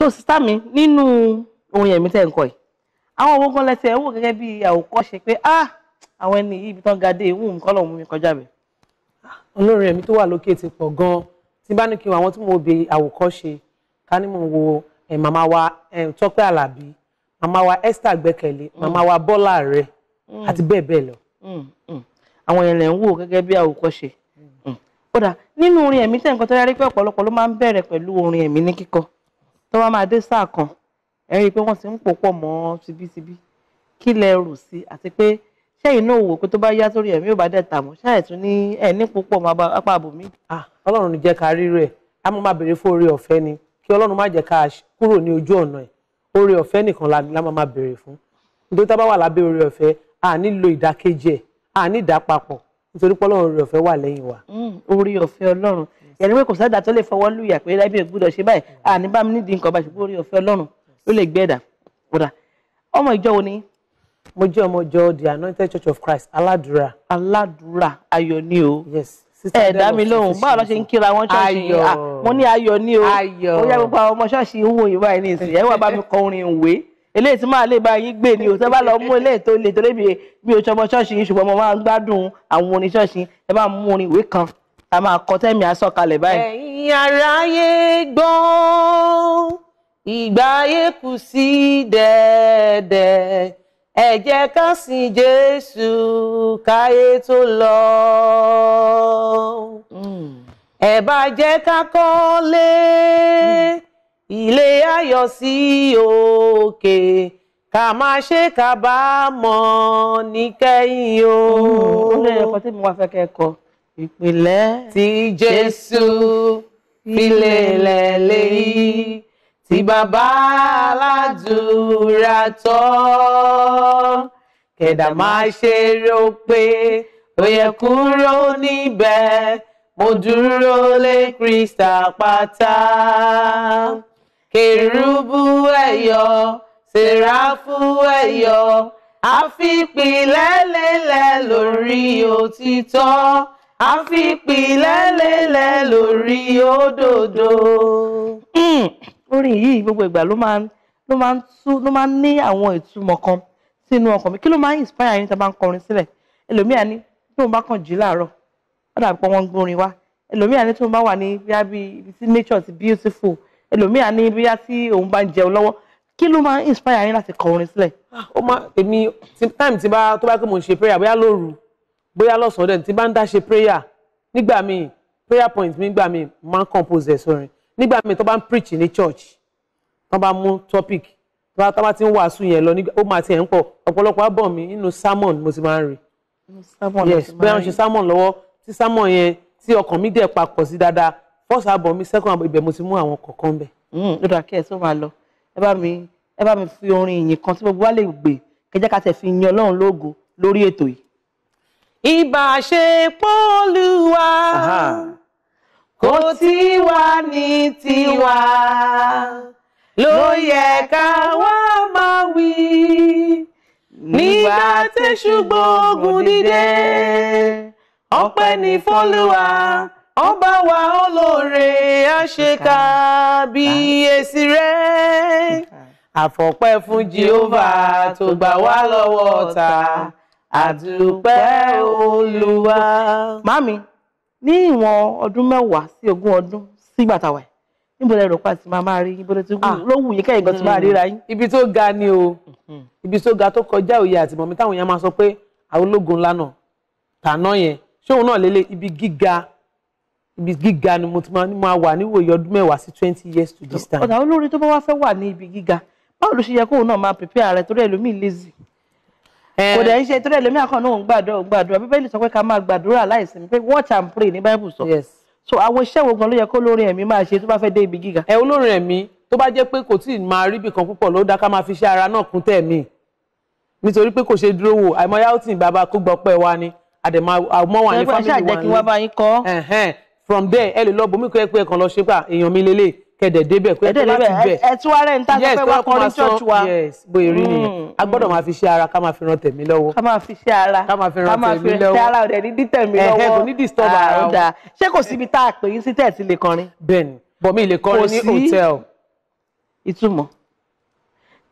so sista mi nínú orin ẹ̀mí tẹ̀ ń kọ yìí àwọn owó kan lẹ́sẹ̀ wò gẹ́gẹ́ bí àwòkọ́ṣe pé ah àwọn ẹni yìí ibi tán ga dé ìwú nǹkan lọ́hùn mi kọjá mi. olórin ẹ̀mí tó wà lókè ti pọ̀ gan-an tí bá ní kí n wo àwọn tí mo bè àwòkọ́ṣe mo wo eh, màmá wa eh, tọ́pẹ́ àlàbí mama wa esther gbẹ́kẹ̀lé mm. màmá wa bọ́lá rẹ̀ ati mm. bẹ́ẹ̀ bẹ́ẹ̀ lọ. Mm, àwọn yẹn lè ń wò gẹ́gẹ́ bí àwòkọ́ṣe kódà nínú orin ẹ̀mí tẹ̀ nǹkan tó yára pé ọ̀pọ̀lọpọ̀ ló máa ń bẹ̀rẹ̀ pẹ̀lú orin ẹ̀mí ní kíkọ tó bá máa dé sáà kan ẹ rí i pé wọ́n ti ń pò pọ̀ mọ́ tibítibí kí lẹ rò sí àti pé ṣẹ́yìn náà wò pé tó bá yá sórí ẹ̀mí ò bá dẹ̀ tà mọ́ ṣáà tún ní ẹ̀ ní púpọ̀ apá àbòmí. ọlọ́run ní jẹ́ ká rí rẹ̀ á mọ̀ máa béèrè fún oore ọ̀fẹ́ ni kí ọlọ́run má jẹ́ ká kúrò ní ojú ọ̀nà ẹ̀ oore ọ̀fẹ́ nìkan la máa máa béèrè fún nítorí tá a bá wà lábẹ́ oore ọ̀fẹ́ à nílò ìdákẹ́jẹ́ à ní ìdápapọ̀ nítorí pé ọlọ́run orí ọ̀fẹ́ wà lẹ́yìn wa. Mm. orí ọ̀fẹ́ ọlọ́run yẹn pé kò sáà dàtọ́ lè fọwọ́ lùyà pé láì bẹ́ẹ̀ gbúdọ̀ ṣe báyìí mm. àní bá mi nídìí nǹkan bá ṣùgbọ́n orí ọ̀fẹ́ ọlọ́run ló lè gbé ẹ̀dá kódà ọmọ ìjọ wo ni. mo jẹ́ ọmọ ìjọ the anointed church of christ aládùúrà. aládùúrà ayọ̀ ni o. yes ẹ dá mi lóhùn báwo ló ṣe ń kíra wọn ṣọ́ọ̀ṣì mo ní ayọ̀ ni o ó yá gbogbo àwọn ọmọ ṣọ́ọ̀ṣì ń wò yín báyìí ní ẹ wà bá mi kọ ìwé eléyìí tí máa lè bá yín gbé ni o tẹ́ bá lọ mú eléyìí tó le torí bí o ṣọmọ ṣọ́ọ̀ṣì yín ṣùgbọ́n mo máa ń gbádùn àwọn orin ṣọ́ọ̀ṣì ẹ bá mú orin ìwé kan a máa kọ tẹ́mi àsọkalẹ̀ báyìí. ẹ̀yin aráyé gbọ́ ìgbà ayé kù sí dẹ̀dẹ̀ ẹ ká sìn Jésù káyé tó lọ. Hmm. ẹ bá jẹ́ ká kọ́lé. Mm ilé ayọ̀ sí òkè ká máa ṣe kábàámọ̀ níkẹyìn o. ó lè ẹ̀kọ́ tí mo wá fẹ́ kẹ́kọ̀ọ́ ìpìlẹ̀ tí Jésù filẹ̀lẹ̀ lèyí tí bàbá aládùúrà tọ́ kẹ̀dà máa ṣe rò pé ó yẹ kúrò níbẹ̀ mo dúró lé Kristi àpáta. Kerubu ẹ̀yọ sèráfù ẹ̀yọ àfipìlẹ́lẹ́lẹ́ lórí òtítọ́ àfipìlẹ́lẹ́lẹ́ lórí òdodo. Hmm, orin yìí gbogbo ìgbà ló máa ló máa ń tú ló máa ń ní àwọn ìtumọ̀ kan sínú ọkàn mi kí ló máa ń inspire yín tá a bá ń kọrin sílẹ̀ ẹlòmíà ní tí mo bá kàn jí láàárọ̀ ó dàbí pé wọ́n ń gbórin wá ẹlòmíà ní tí mo bá wà ní bí i nature is beautiful ẹlòmíà ní bíyá tí òun bá ń jẹun lọ́wọ́ kí ló máa ń inspire yín láti kọ orin sílẹ̀. Ah, ó máa èmi time tí bá tó bá pé mò ṣe prayer bóyá lóru bóyá lọ́sàn-án dẹ̀ tí bá ń dá ṣe prayer nígbà míì prayer point mi nígbà míì máa ń compose ẹ̀ sórin nígbà míì tó bá ń preach ní church tó bá mú topic tó bá ti ń wàásù yẹn lọ ó máa ti ẹ̀ ń pọ̀ ọ̀pọ̀lọpọ̀ àbọ̀ mi nínú sermon mo ti máa ń rí yes bóyá ń ṣe sermon lọ́wọ́ tí sermon yẹn tí ọkàn mi dẹ̀ papọ̀ sí dáadáa first album mi second album ibẹ̀ mo ti mú àwọn kọ̀ọ̀kan bẹ̀. ló mm. kí ẹ tó máa lọ ẹ bá mi ẹ bá mi fi orin ìyìn kan tí gbogbo wa lè gbè kẹjẹ ká tẹ̀ fi yin Ọlọ́run lógo lórí ètò yìí. ìbáṣepọ̀ Olúwa kò tí wà ní tiwa ló yẹ ká wá máa wí nígbà tẹ̀sùgbọ́n ogun dídé ọpẹ́ ní fọ́lùwà ọba wa olóore àṣekábíyèsí rẹ̀ àfọpẹ́ fún Jehovah tó gbà wá lọ́wọ́ ọ̀tá àdúpẹ́ olúwa. màmí ní ìwọ̀n ọdún mẹ́wàá sí ogún ọdún sígbà táwa níbo lẹ rò pa ti máa máa rí níbo lẹ ti ah. lówù yín kẹ́yìn gan ti máa hmm. ríra yín. ibi tó ga ni o hmm. ibi tó ga tó kọjá òye àtìmọ̀mí táwọn èèyàn máa sọ pé àwọn ológun ńlá náà tàná yẹn ṣé òun náà lélẹ̀ ibi gíga ibi gíga ni mo máa wà níwòye ọdún mẹ́wàá sí twenty years to this time. ọ̀tà olórin tó bá wá fẹ́ wà ní ibi gíga báwo ló ṣe yẹ kóun náà máa prepare rẹ torí ẹlòmíì lazy eh, kò dẹ̀ ń ṣe torí ẹlòmíì àkànnà òun gbàdúrà òun gbàdúrà bíbélì sọ pé ká máa gbàdúrà láìsinmi pé watch and pray ní bible sọ yes. so àwọn iṣẹ́ wo gan ló yẹ kó olórin ẹ̀mí máa ṣe tó bá fẹ́ dé ibi gíga. ẹ eh, olórin ẹ̀mí tó bá jẹ́ pé kò tí ì máa rí ibìkan púpọ̀ ló dá ká máa fi ṣe ara náà kún tẹ̀mí nítorí pé kò ṣe dúró wò àìmọ́ yáwó tì bàbá kó gbọ́ wa ni àdèmọ́ àwọn wà ní fámìlì wa ni. ẹ from there ẹ lè lọ bomi kọ́ ẹ pé ẹ kàn lọ ṣe pa èèyàn mi lélẹ̀ kẹ̀dẹ̀ débẹ̀ pé ẹ tó láti bẹ̀ ẹ tí wàá rẹ̀ ń tàbí pé wàá kọrin church wa yes bó erin nìyẹn hmm. a gbọ́dọ̀ máa fi ṣe ara ká máa fi ran tẹ̀mí lọ́wọ́ ká máa fi ṣe ara ká máa fi ran tẹ̀mí lọ́wọ́ ká máa fi ṣe ara ọ̀dẹ̀ ní dí tẹ̀mí lọ́wọ́ ẹ̀hẹ́ kò ní disturb ara ah, o ṣé kò síbi tá a pè yín sí tẹ̀sí lè kọrin. bẹ́ẹ̀ni bọmi lè kọrin ní hotel. ìtumọ̀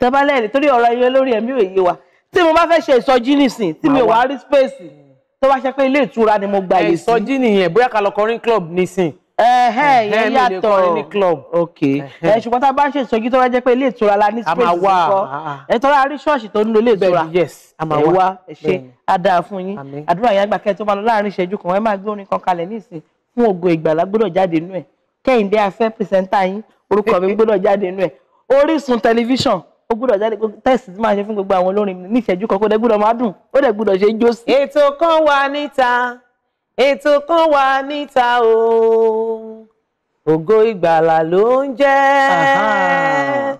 tẹ́bálẹ̀ nítorí ọ̀rọ̀ yẹn lórí ẹ̀mí òye wa tí mo bá fẹ́ ṣe ìsọjí nísìn tí mi ò wá rí space tó bá ṣe pé ilé ìtura ni mo gbàyè sí. ìsọjí nìyẹn bóyá ká lọ club nísìn. ẹhẹ ìyẹn yàtọ̀ ok ẹ ṣùgbọ́n tá a bá ń ṣe ìsọjí tó bá jẹ́ pé ilé ìtura la ní space kọ́ ah, ah. ẹ tọ́ra rí ṣọ́ọ̀ṣì tó ń lo ilé ìtura ẹ wá ẹ ṣe á dáa fún yín ìgbàlá gbọ́dọ̀ jáde nínú ẹ̀ kẹ́hìndé afẹ́ pìrìsẹ́ńtà yín orúkọ mi gbọ́dọ̀ jáde nínú ẹ̀ Orísun tẹlifíṣàn ó gbúdọ̀ jáde tẹ́sì tí máa ṣe fún gbogbo àwọn olórin mi ní kan kó dẹ̀ gbúdọ̀ máa dùn ó dẹ̀ gbúdọ̀ ṣe jó sí. ètò kan wà níta ètò kan wà níta o ògo ìgbàlà ló ń jẹ́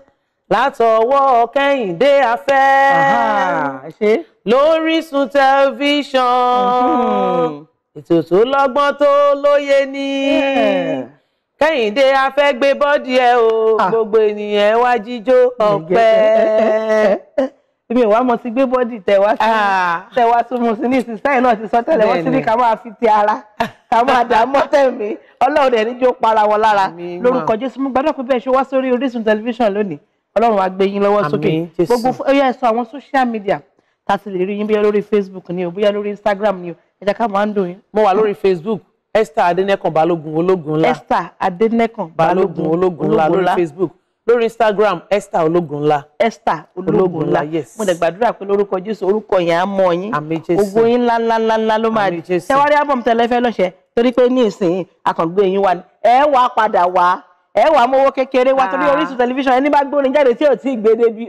látọwọ́ kẹ́hìndé afẹ́ lórísun tẹlifíṣàn mhm. ètò tó lọ́gbọ́n tó lóye ni. Yeah kẹ́hìndé a fẹ́ gbé bọ́dì ẹ o ah. gbogbo ènìyàn wá jíjó ọpẹ́ èmi ìwà mo ti gbé bọ́dì tẹ̀wá sí ah. tẹ̀wá sí mo sí ní ìsinsìnyí náà ti sọ tẹ́lẹ̀ wọ́n sì ní ká máa fi ti ara ká máa dà mọ́ tẹ̀mí ọlọ́run ẹ̀ níjó para wọn lára lórúkọ jésù mo gbàdúrà pé bẹ́ẹ̀ ṣe wá sórí orísun tẹlifíṣàn lónìí ọlọ́run á gbé yín lọ́wọ́ sókè gbogbo ó yá ẹ àwọn social media tá a ti lè rí yín bóyá lórí facebook ni o bóyá lórí instagram ni o ẹ jẹ́ ká máa ń dùn yín. mo wà lórí facebook Esther Adénẹ́kàn Balógun ológun la Esther Adénẹ́kàn Balógun ológun ńlá lórí Facebook lórí Instagram Esther ológun la Esther ológun la yes mo dẹ̀ gbàdúrà pé lórúkọ Jésù orúkọ yẹn á mọ yín ògo yín ńláńláńlá ló máa rí tẹwárí ábọ̀mù tẹlẹfẹ́ lọ́sẹ̀ torí pé ní ìsìn àkàngbé yín wa ẹ wá padà wá ẹ wá mówó kékeré wá torí ah. Orísun tẹlifíṣàn ẹni bá gbórin jáde tí ò tí ì gbé débi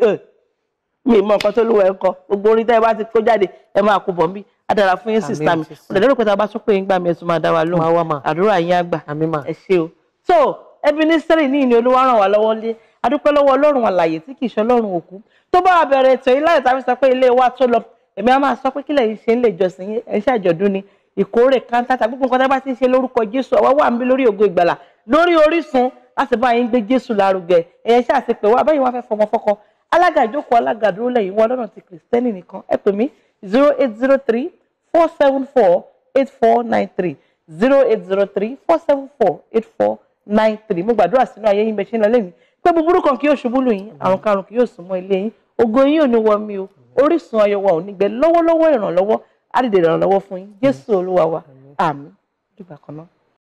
mi mọ nǹkan tó lówó ẹ kọ gbogbo orin tẹ́ ẹ bá ti kó jáde ẹ máa kó bọ̀ mí á dára fún yín sísá mi mo lè lérò pé tá a bá tún pé yín gbà mí ẹ̀sùn máa dá wa lóhùn àdúrà yín àgbà ẹ ṣé o so Ebeneseri ní ìní olúwa ràn wá lọ́wọ́ lé adúpẹ́ lọ́wọ́ ọlọ́run àlàyé tí kì í ṣe ọlọ́run òkú tó bá bẹ̀rẹ̀ ètò yìí láyé tàbí sọ pé ilé wa tó lọ èmi á máa sọ pé kílẹ̀ yìí ṣe ń lè jọsìn yín ẹ̀ ń ṣàjọ̀dún ni ìkórè kanta tàbí gbogbo nǹkan tá a bá ti ń ṣe lórúkọ jésù àwa wà ń lórí ògo ìgbàlà lórí orísun láti bá yín gbé jésù lárugẹ ẹ̀yẹ ṣáà ti wá bẹ́ẹ̀ wọ́n fẹ́ fọmọ fọ́kọ alága ìjókòó alága dúró lẹ́yìn wọn lọ́nà ti kìrìsìtẹ́nì nìkan ẹ pè mí zero eight zero three 474 8493 0803 474 8493 mo gbàdúrà sínú ayé yín bẹ ṣe ń lọ lẹ́yìn pé búburú kan kì yóò ṣubú lù yín àrùn karùn kì yóò sún mọ́ ilé yín ògo yín ò ní wọ mi o orísun ayọ̀ wa ò ní gbẹ lọ́wọ́lọ́wọ́ ìrànlọ́wọ́ á dìde ìrànlọ́wọ́ fún yín Jésù Olúwa wa àmín dìgbà kan náà.